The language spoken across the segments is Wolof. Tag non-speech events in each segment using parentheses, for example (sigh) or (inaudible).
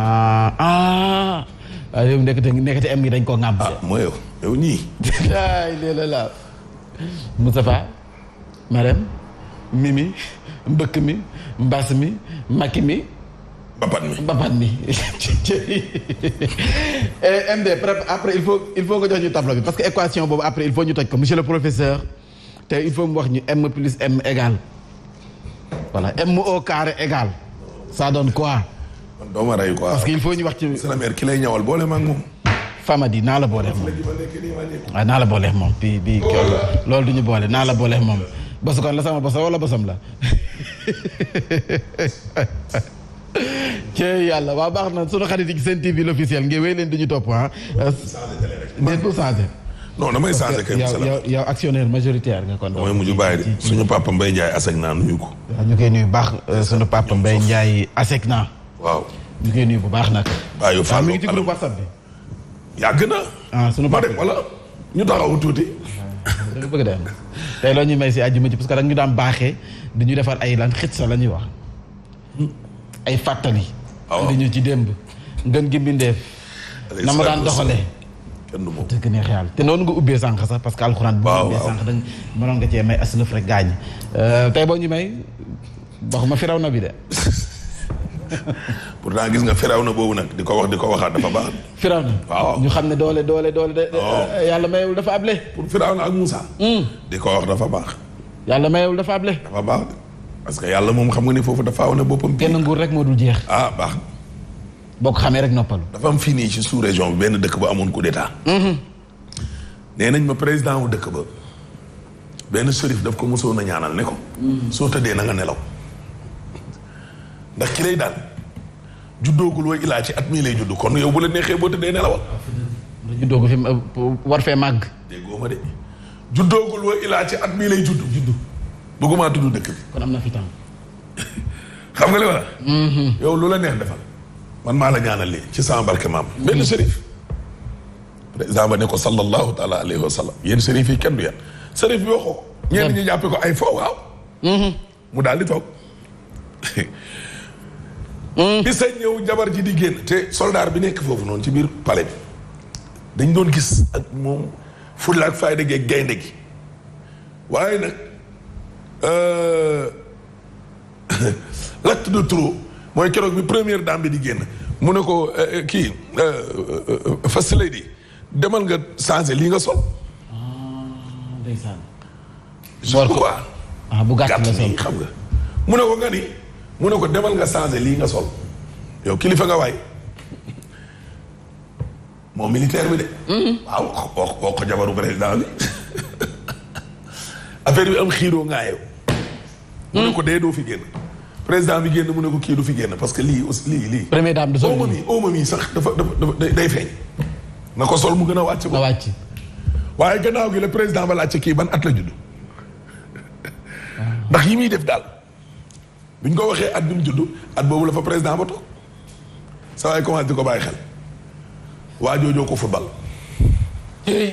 ah ah. waaw yow nekkati nekkati gi dañ koo ŋàmb. ah mooy yow yow ñii. ay léeg-léeg la Moustapha mbëkk mi mbas mi makki mi. Bapat mi Bapat mi. Eh, MD après il faut il faut nga jox ñu tableau bi parce que équation boobu après il faut ñu toj ko monsieur le professeur te il faut mu wax ñu m plus m égale voilà m au carré égale ça donne quoi. man dooma rey quoi. parce que il faut ñu wax ci. sa mère ki lay ñawal boole ma ak naa la booleex moom waaw ah, naa la booleex moom bi bi loolu du ñu boole naa la booleex moom bosu kon la sama bosa wala bosam la (laughs) cee yàlla waa baax na sunu xarit yi Sen TV l'officiel ngi wéy leen di ñu topp ah déet bu changé non damay changé kay yow yow actionnaire majoritaire nga kon damay mujj bàyyi de suñu papa Mbaye Ndiaye naa nuyu ko waaw ah, koy nuyu baax euh, suñu papa mbay Ndiaye asek naa waaw. ñu koy nuyu bu baax nag. waaw yow Fallou mi ngi ci groupe WhatsApp bi. yàgg na. ah sunu dem wala ñu taxaw tuuti. Ah, dëgg bëgg tey loolu ñuy may si àjjuma ci parce que dañu daan baaxee dañu defar ay lan xit sax la ñuy wax ay fàttali. Ah, waaw ci démb. ngën gi mbindeef. na ma daan doxalee. kenn du moom neex yàlla te noonu nga ubbee sànq sax parce que alxuraan. bu ubbee sànq dañ mënoon nga cee may aslëf rek gaañ. Euh, tey boo ñu may waxuma firaw na bi de. (laughs) (laughs) pourtant gis nga firawna boobu nag di ko wax di ko waxaat dafa baax. firawna waaw ñu xam ne doole doole doole de. Oh. Eh, yàlla mayewul dafa able. pour firawna ak Moussa. Hmm. di ko wax dafa baax. yàlla mayewul dafa ab dafa baax parce que yàlla moom xam nga ni foofu dafa aw na boppam. benn nguur rek moo dul jeex. ah baax. boo ko xamee rek noppalu. dafa am fii nii ci sous région bi benn dëkk ba amoon coup d'état. Hmm. nee nañ ma président wu dëkk ba benn shérif daf ko mosoon a ñaanal ne ko. Hmm. soo tëddee nanga nelaw. ndax ki lay daan juddoogul way ilaa ci at mii lay judd kon yow bu la neexee boo tëddee nelawal. juddoogul fi war màgg. déggoo ma de ilaa ci at mii lay judd judd bëggumaa tudd dëkk bi. kon am na fi tam. (laughs) xam nga li ma la. Mm-hmm. yow lu la neex defal. man maa la ñaanal lii ci sama barke maam. Mm-hmm. benn sërif. président ba ne ko sallallahu taala alayhi wa sallam yéen sërif yi kenn du yéen. sërif bi waxoo. ñenn ñi jàppee ko ay fo waaw. Mm-hmm. mu daal di toog. (laughs) bi hmm. sa ñëw jabar ji di génn te soldaar bi nekk foofu noonu ci biir palais bi dañ doon gis ak moom fulla ak fayda gi gaynde gi waaye nag euh, (laughs) l'acte de trop mooy keroog bi première dame bi di génn mu ne ko euh, euh, kii first lady demal nga changer lii nga sol ah, ndeysaan ah, bu gàtt la sol mu ne ko nga ni mu ne ko demal nga changé lii nga sol yow kilifa nga waay moom militaire bi de. waaw wax wax jabaru président bi (laughs) affaire bi am xiiroo ngaayew. mu ne ko dee doo fi génn. président bi génn mu ne ko kii du fi génn parce que lii aussi lii lii. première dame du sol omo mi omo sax dafa dafa day feeñ. na ko sol mu gën a wàcc. na wàcc. waaye gannaaw gi la président ba laajte kii ban at la judd. (laughs) ndax yi muy def daal. bi ñu ko waxee at bi mu judd at boobu la fa président ba toog sa waay commencé di ko bàyyi xel waa joojoo ko football. Eh.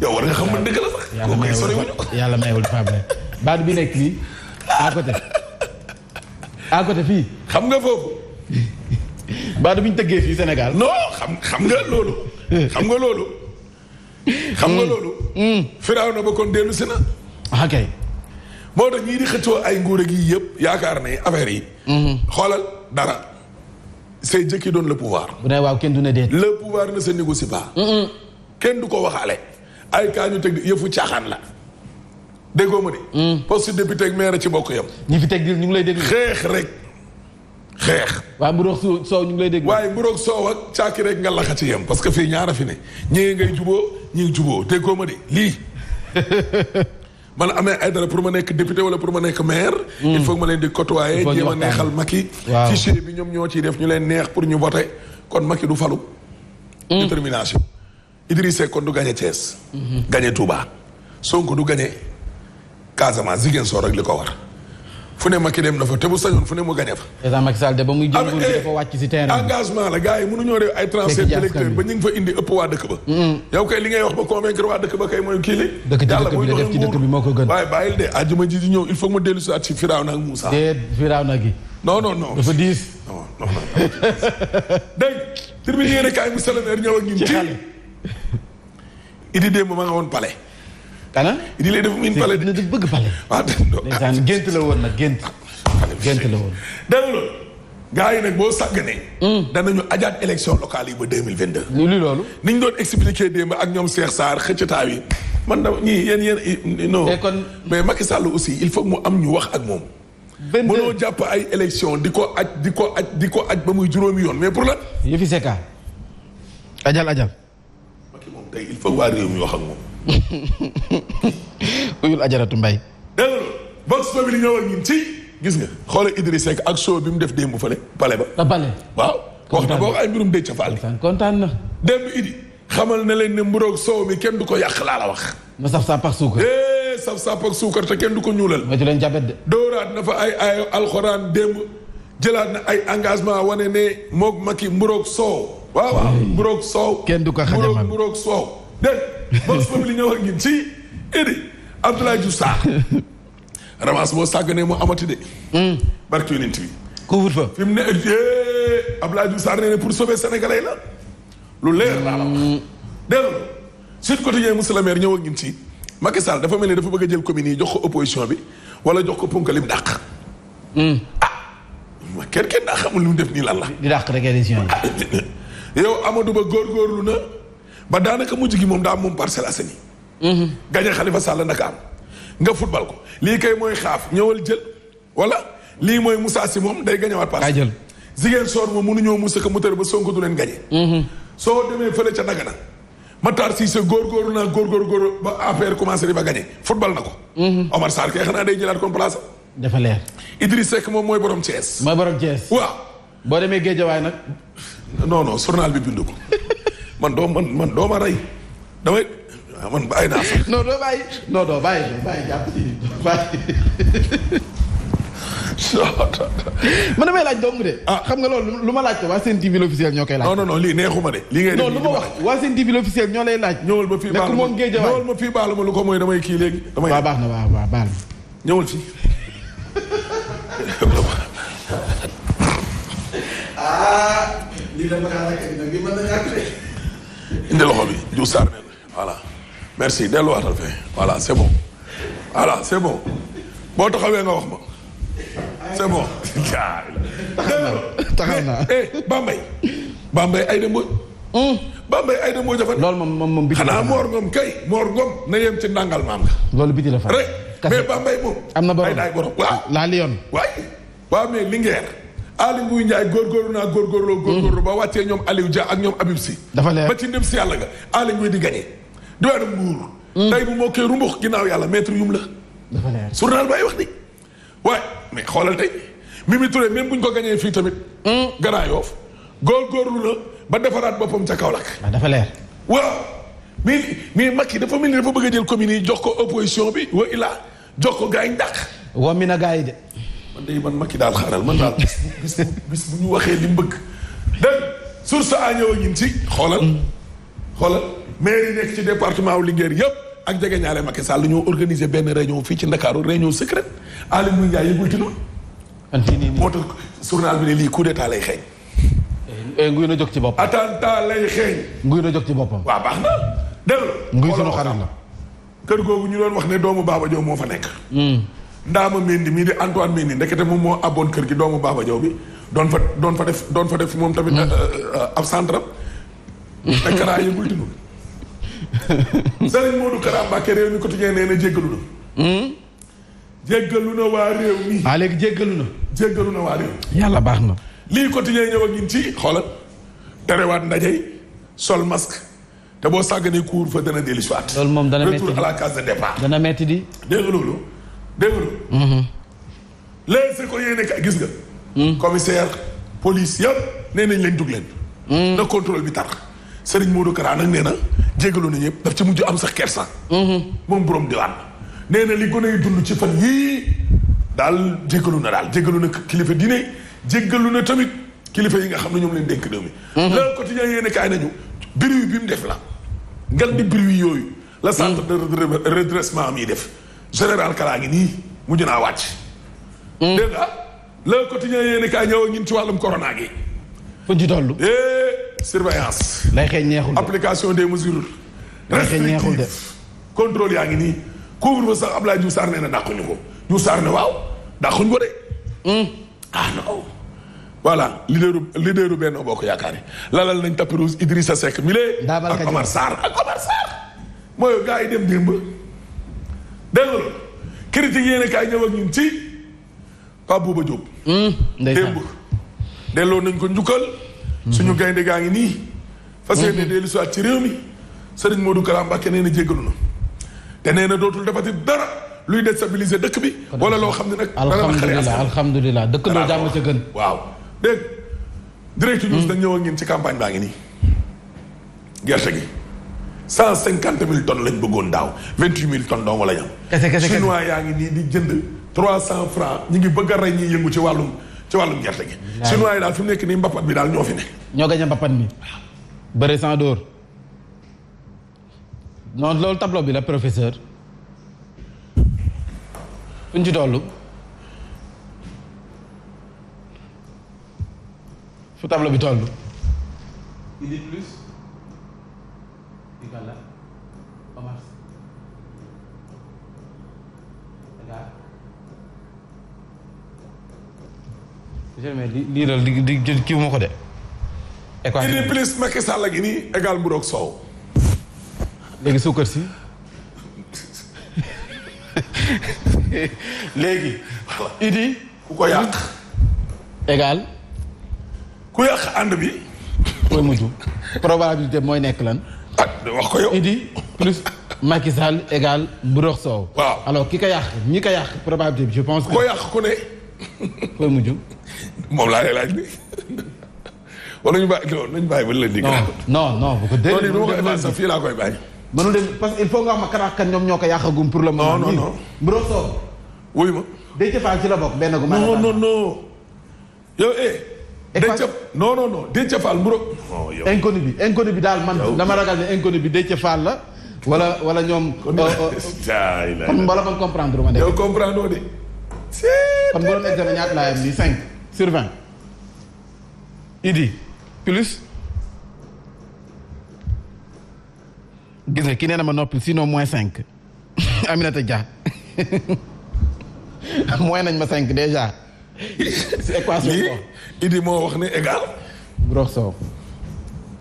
yow war nga xam man dëgg la sax. yàlla mayewul yàlla mayewul Pape Mbaye baat bi nekk lii à côté fii. xam nga foofu. baat bi ñu tëggee fii Sénégal. non xam xam nga loolu. xam nga loolu. xam nga loolu. Hmm. firaaw na ba kon dellu si na. ah moo tax ñii di xëccoo ay nguur ak yii yëpp yaakaar ne affaire yi. Mhm. xoolal dara c'est Dieu doon la le pouvoir. bu dee waaw kenn du ne déet. le pouvoir ne se négocie baax mhm. kenn du ko waxaale. ay kaa ñu teg yëfu caaxaan la. déggoo ma de. Mhm. poste député ak maire ci bokk yam ñi fi teg ñu ngi lay déglu. xeex rek xeex. waaye mburoog soow ñu ngi lay dégg waaye mburoog soow ak caaki rek nga laxa ci yam parce que fii ñaara fi ne ñii ngay juboo ñii juboo déggoo ma de lii. (laughs) man amee ay dara pour ma nekk député wala pour ma nekk maire. Hmm. il faut ma leen di côtoyer. il jéem a neexal Macky. waaw fichier bi ñoom ñoo ciy def ñu leen neex pour ñu voter kon Macky du falu. Hmm. détermination. Idriss Seck kon du gagné Thiès. Hmm. gagné Touba. Sonko du gagné Casamance soo rek li ko war. fu ne Macky dem na fa te bu sañoon fu ne mu gagné fa. président Macky Sall de ba muy jël ah, nguur gi eh, dafa wàcc ci terrain engagement la gars yi mënuñoo def ay transfert d'électeurs ba ba. yow kay li ngay wax ba convaincre waa dëkk ba kay mooy kii li. yàlla mooy def ci dëkk de àjjuma ji di ñëw il faut ma dellu a (laughs) kaay monsieur le maire ñëw ak ñun ma nga woon palais kana di lay def mu une palais di bëgg palais. waaw ndeysaan gént la woon nag gént. gént la woon. dégg loolu gars yi nag boo sàgganee. Hmm. danañu ajaat élection locale yi ba deux mille vingt lu li loolu. ni ñu doon expliqué démb ak ñoom Cheikh Sarr xëccataaw yi man da ñii yéen yéen non. mais kon mais Macky Sall aussi il faut mu am ñu wax ak moom. benn mënoo jàpp ay élection di ko aj di ko aj di ko aj ba muy juróomi yoon mais pour la. yëfi Secka. ajal ajal. Macky moom tey il faut waa réew mi wax ak moom. (laughs) uyul ajaratu mbay dégg nga vox pop bi ci gis nga xoolal Idriss Seck ak show bi mu def démb fële pale ba da ba waaw wax na boo ay mbirum Déthié Fall kontaan na démb idi xamal na leen ne mburoog soow mi kenn du ko yàq laa la wax mu saf sàpp ak suukar é eh, saf suukar te kenn du ko ñuulal ma ci leen jabet de dooraat na fa ay ay alxuraan démb jëlaat na ay engagement wane ne moog Macky mburoog soow waaw waaw mburoog soow kenn du ko xajamal mburoog soow dégg Vox Populi li ak ñun ci Idi Abdoulaye Diouf Sarr ramas boo nee moo amati de. barke yonent bi. couvre-feu fi mu ne eh, Abdoulaye Diouf Sarr nee na pour sauver sénégalais la lu leer laa la wax. dégg nga Sud Quotidien monsieur le maire ñëw ak ñun ci Macky Sall dafa mel ni dafa bëgg a jël communes yi jox ko opposition bi wala jox ko punkalim dàq. Hmm. ah kenn kenn daa xamul lu mu def nii lan la. di dàq rek élection yi. Ah, yow Amadou Ba góorgóorlu na. ba a mujj gi moom daa moom Parcelles Assainies mhm. gañe Khalifa Sall ndaka am nga football ko lii kay mooy xaaf ñëwal jël wala lii mooy Moussa si moom day gañewaat Parcelles jigéen soo moom mënuñoo Moussa ka mu tër ba Sonko du leen gañe mhm. soo demee fële ca Dagana Matar Cissé góorgóorlu naa góorgóorlu ba affaire commencé di ba gañe football na ko mhm. Omar Sarr kay xanaa day jëlaat comme place dafa leer Idriss Seck moom mooy borom Thiès mooy borom Thiès waaw boo demee Géejawaay nag non non journal bi bindu ko (laughs) man doom man man doo ma rey damay ah, man bàyyi naa sax. non doo bàyyi non doo bàyyi doo bàyyi jàpp doo bàyyi. (laughs) man damay laaj dong de. ah xam nga loolu lu ma laaj ko waa seen TV l'officiel ñoo koy laaj. non non non lii neexuma de. waa laaj. ñëwal ma fii baalu ma moom damay kii léegi. damay waaw baax na waaw waaw baal (laughs) indi loxo bi Diouf Sarr ne voilà merci delluwaatal fee voilà c'est bon voilà c'est bon boo taxawee nga wax ma c'est bon. (laughs) taxaw naa eh Bambey. Bambey Aïda Mbodj. Bambey Aïda Mbodj dafa. loolu moom moom moom biti la xanaa Mor Ngom kay Mor Ngom na yem ci ndàngal maam nga. loolu biti la fa rek mais Bambey moom. am na borom ay daay borom waaw. laa Lyon. waay waaw mais Linguère. Aly Ngouille Ndiaye góorgóorlu naa góorgóorloo góorgóorlu ba wàccee ñoom Aliou Dia ak ñoom Habib Sy dafa leer ba ci ndem si yàlla nga Aly Ngouille di gagné doweeru nguur hmm. tey bu moo koy rumbux ginnaaw yàlla maître yum la dafa leer journal bay wax ni waaye mais xoolal tey Mimi Touré même bu ñu ko gagné fii tamit hmm. Grand góor góorgóorlu na ba defaraat boppam ca kaw Kaolack ah, dafa leer waaw mii mais Macky dafa mel ni dafa bëgg jël communes yi jox ko opposition bi wa ilaa jox ko gars yi ndàq wa mi na gars yi man day man Macky daal xaaral man daal bis bu bis bu ñu waxee li mu bëgg dégg source a ñëw a ñin ci xoolal mm. xoolal mais yi nekk ci département wu Linguère yëpp ak jege ñaare Macky Sall ñoo organiser benn réunion fii ci Ndakaaru réunion secrète Aly Ngouille Ndiaye yëgul ci noonu moo tax journal bi lii coup d'état lay xeeñ eh, eh, nguy na jóg ci bopp attentat lay na jóg ci boppam waaw baax na dégg nguy sunu xarit la kër googu ñu doon wax ne doomu Baba Diop moo fa nekk mm. Ndaama Mendy mii di Antoine Mendy ndekete moom moo abboon kër gi doomu Baba Diaw bi doon fa doon fa def doon fa def moom tamit hmm. euh, euh, ab centre te Kara yëgul dinu (laughs) Serigne Modou Kara Mbacké réew mi quotidien nee na jéggalu hmm? réew mi waa léegi jéggalu na jéggalu na waa réew yàlla baax na lii quotidien ñëw ak ñun ci xoolal terewaat ndaje sol masque te boo sàgganee couvre-feu dana dellusiwaat loolu moom dana metti retour à la case de départ dana metti di dégg loolu dégg nga. Mhm. les écoles yooyu nekk gis nga. Mhm. commissaire police yëpp nee nañ leen dugg leen. Mhm. na contrôle bi tar Serigne Modou Kara nag nee na jégalu na yëpp daf ci mujj am sax kersa. moom borom diwaan nee na li gone yi dund ci fan yii daal jégalu na daal jégalu na kilifa diine jégalu na tamit kilifa yi nga xam ne ñoom leen dénk réew mi. le quotidien yéen kaay nañu bruit bi mu def la. ngal di bruit yooyu. la centre de redressement am yi def. général Kala ngi nii mujj naa wàcc. Hmm. dégg nga le quotidien yéen a kaay ñëw ñun ci wàllum corona gi. fuñ ci toll. Eh, surveillance. day xëy neexul application des mesures. day xëy neexul de contrôle yaa ngi nii couvre-feu sax Abdoulaye Diouf Sarr nee na dàquñu ko Diouf Sarr ne waaw dàquñu ko de. Hmm. ah non. voilà leaderu leaderu Benno Bokk Yaakaar yi lalal nañ tapis rouge Idrissa Seck mi lee. ak Omar mooy gars yi dem démb. dégg nga critique yéen a kaay ñëw ak ñun ci Pape Bouba Diop. Hmm, ndeysaan delloo nañ ko njukkal. suñu hmm. gaynde gaa ngi nii. fas yéene hmm. dellu si ci réew mi Serigne Modou Kara Mbacké nee na jéggalu na te nee na dootul defati dara luy déstabiliser dëkk bi. wala loo xam ne nag. dana la xale alhamdulilah dëkk doo jàmm ca gën. waaw dégg direct news dañ ñëw ak ñun ci campagne baa ngi nii gerte gi. cent cinquante mille tonnes lañ bëggoon daaw vingt huit mille tonnes dong la ñu am. chinois yaa ngi nii di jënd trois cent francs ñu ngi bëgg a rey ñuy yëngu ci wàllum ci wàllum gerte gi. chinois yi daal fi mu nekk nii mbappat bi daal ñoo fi ne. ñoo gañ a mbappat mi. bëre sans dóor. loolu tablo bi la professeur. fuñ ci toll. fu tableau bi toll. il di ko di lii daal di di jël kii ko de. équation bi plus Macky Sall gi nii égal bu doog soow. léegi suukar si. (laughs) léegi. idi ku ko yàq. égal. ku yàq ànd bi. mooy mujj probabilité mooy nekk lan. wax ko yow Idi plus Macky Sall égal Mburok Sow. waaw alors ki ko yàq ñi ko yàq probabilité bi je pense que. koo yàq ku ne. fooy laaj bi wala ñu bàyyi loolu nañu bàyyi ba la dégg. non non bu ko fii laa koy bàyyi. mënul dem parce que il faut nga wax ma kan ak kan ñoom ñoo ko yàqagum pour le moment. non non non Mburok Sow. wuyu ma. Déthié Fall ci yow eh. Déthié non non non bi inconnu bi daal man dama ragal ne inconnu bi Déthié Fall la. wala wala ñoom. Oh, oh. (laughs) kon wala man comprendre ma de. yow comprendre loo de. kon bu doon laa yam nii cinq sur vingt. Idi plus. gis nga ki nee na ma noppi sinon moins cinq (laughs) Aminata Dia (laughs) moins nañ ma cinq déjà. c'est équation moo wax égal. Brox Sow.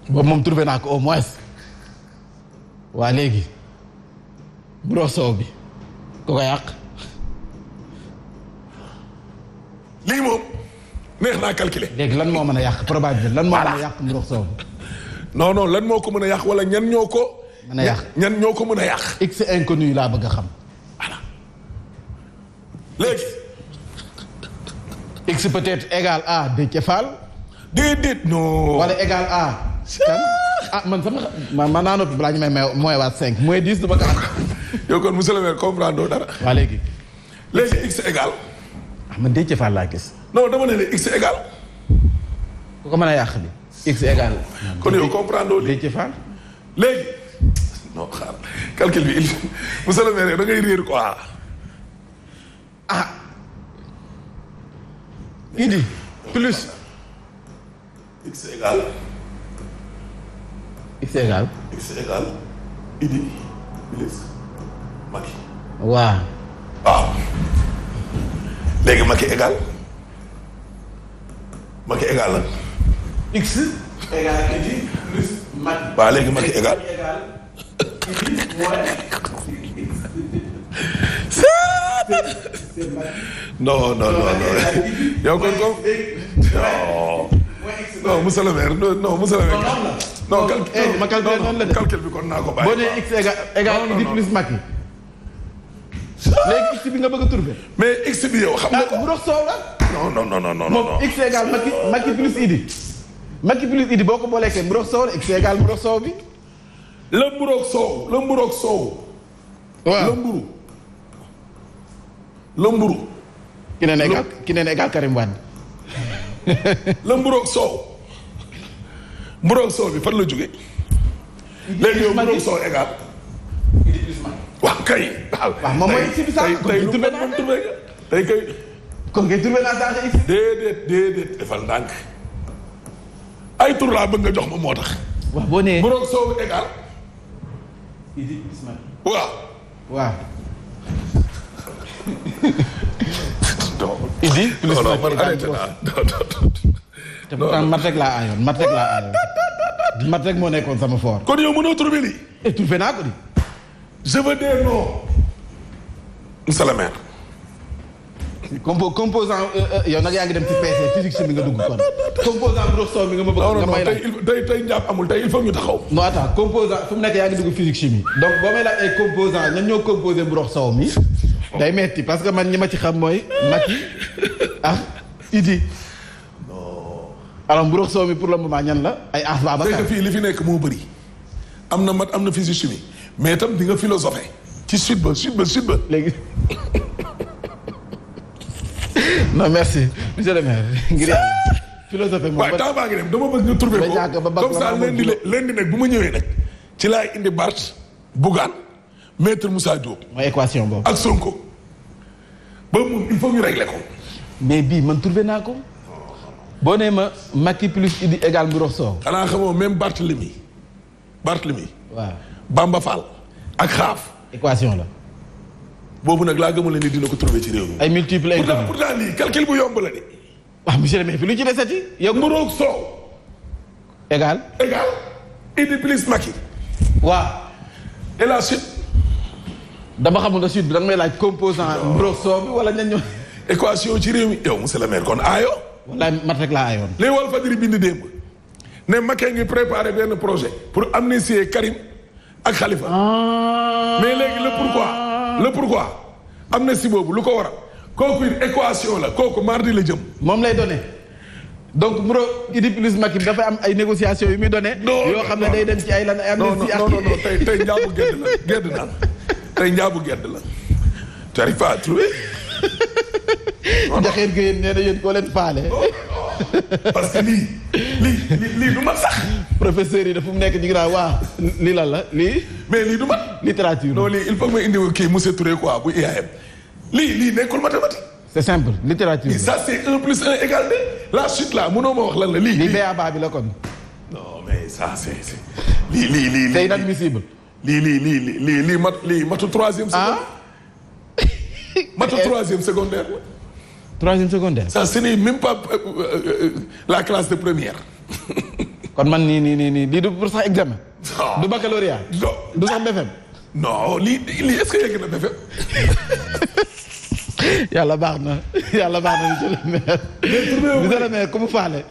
boobu moom trouvé naa ko au moins. waa léegi. Brox Sow bi. ku yàq. lii léegi lan moo mën a yàq probable lan moo mën yàq Brox Sow bi. non non lan moo ko mën a yàq wala ñan ñoo ko. mën a yàq ñan ñoo ko mën a yàq. x laa bëgg a xam. X égal à Déthié Fall. déedéet non. wala égal à. kan ah man sama man man naa noppi balaa ñu may may mooy waat cinq mooy dix du ma ko am. yow kon monsieur le maire dara. waa léegi. léegi X égal. ah man Déthié Fall laa gis. non dama ne la X égal. a yàq bi kon yow comprendre doo Déthié Fall. léegi. non xaar calcul bi il monsieur le maire da ah. il dit plus. x égale. x égale. x égale. il dit plus. Macky. waaw. waaw léegi Macky égale. Macky non non non yow kon ko non non monsieur le maire non monsieur le maire. non eh, calcul bi kon naa nga bëgg a trouvé. mais x bi yow xam nga ko bu dox soow la. non non non moom x égal Macky Macky Idi. Macky plus Idi boo ko boolee kay mburoog soow la x égal mburoog soow bi. la mburoog soow la mburoog soow. waaw la mburu ki neen égal ki neen égal Karim Wade la (laughs) mburoog soow mburoog soow bi fan la jóge léegi yow mburoog soow égal waaw kay waaw moom mooy tey tey tey tey kay kon kay turbe naa sànq ici déedéet déedéet defal ndànk ay tur laa bëgg nga jox ma moo tax waaw boo nee mburoog soow égal waaw waaw donc. Idi. non non man mat rek laa aayoon mat laa aayoon. mat moo nekkoon sama fort. kon yow mënoo trouvé lii. et eh, trouvé naa ko di. je veux dire non. monsieur le maire. composant euh, euh, yow nag yaa ngi dem ci PC physique chimie nga dugg kon. composant gros son bi nga ma bëgg nga may laaj tey tey njàpp amul tey il faut ñu taxaw. non attends composant fu mu nekk yaa ngi dugg physique chimie. donc boo may laaj composant ñan ñoo composé brox sow mi. day metti parce que man ñi ma ci xam mooy Macky ah (laughs) Idi. alors mburox soow mi pour le moment ñan la ay as ba Abacar. fii li fi nekk moo bëri am na mat am na physique chimie mais itam di nga philosophe ci sud ba sud ba sud ba. léegi (laughs) non merci monsieur le maire ngir yàlla. philosophe moom waaw temps baa ngi dem dama bëgg nga trouvé ko comme ça leen di leen di nekk bu ma ñëwee nag ci laay indi Barth Bougane maître Moussa Diop. mooy équation boobu ak Sonko. ba mu il faut ñu régler ko. mais bii man trouvé naa ko. boo nee ma Macky plus Idi égal Mburok Sow. xanaa xamoo même Barthélemy Barthélemy. waaw Bamba Fall ak xaaf. équation la. boobu nag laa gëmale ni dina ko trouvé ci réew mi. ay multiple ay pourtant pourtant lii calcul ah, le maire fi lu ci desati. yow Mburok Sow. égal égal Idi plus Macky. waaw dama xamul ne suite bi da may laaj composant mburoog soo bi wala ñan ñoo équation ci réew mi yow monsieur le maire kon aayoo wala mat rek laa aayoon li wal fajiri bind démb ne Macky ngi préparé benn projet pour amnistier Karim ak Khalifa ah. mais léegi le pourquoi le pourquoi boobu lu ko waral kooku it équation la kooku mardi la jëm moom lay donné donc Mouro Idi plus Macky dafay am ay négociations yu muy donné yoo xam ne day dem ci ay lan ay amnistie ak non non tey njaabu gedd la tu arrives pas à trouver jaxeer gi yéen nee na yéen koo leen faale oh, oh. parce que lii lii lii du mat sax professeur yi dafa mu nekk ñu ngi naan waa lii lan la lii mais lii du mat littérature non lii il faut que ma indi kii monsieur Touré quoi bu IAM lii lii nekkul mathématique c'est simple littérature ça c'est un plus un égal deux la suite là mënoo ma wax lan la lii lii baa bi la kon non mais ça c'est lii lii lii c'est inadmissible lii lii lii lii li mat lii matu troisième ah. secondaire. matu (laughs) troisième secondaire la. troisième secondaire. Euh, euh, euh, la classe de première. (laughs) kon man nii nii nii nii lii du pour examen. du baccalauréat. du sax BFM. non lii lii que yegg na BFM. (laughs) yàlla baax na yàlla baax na ku mu faale.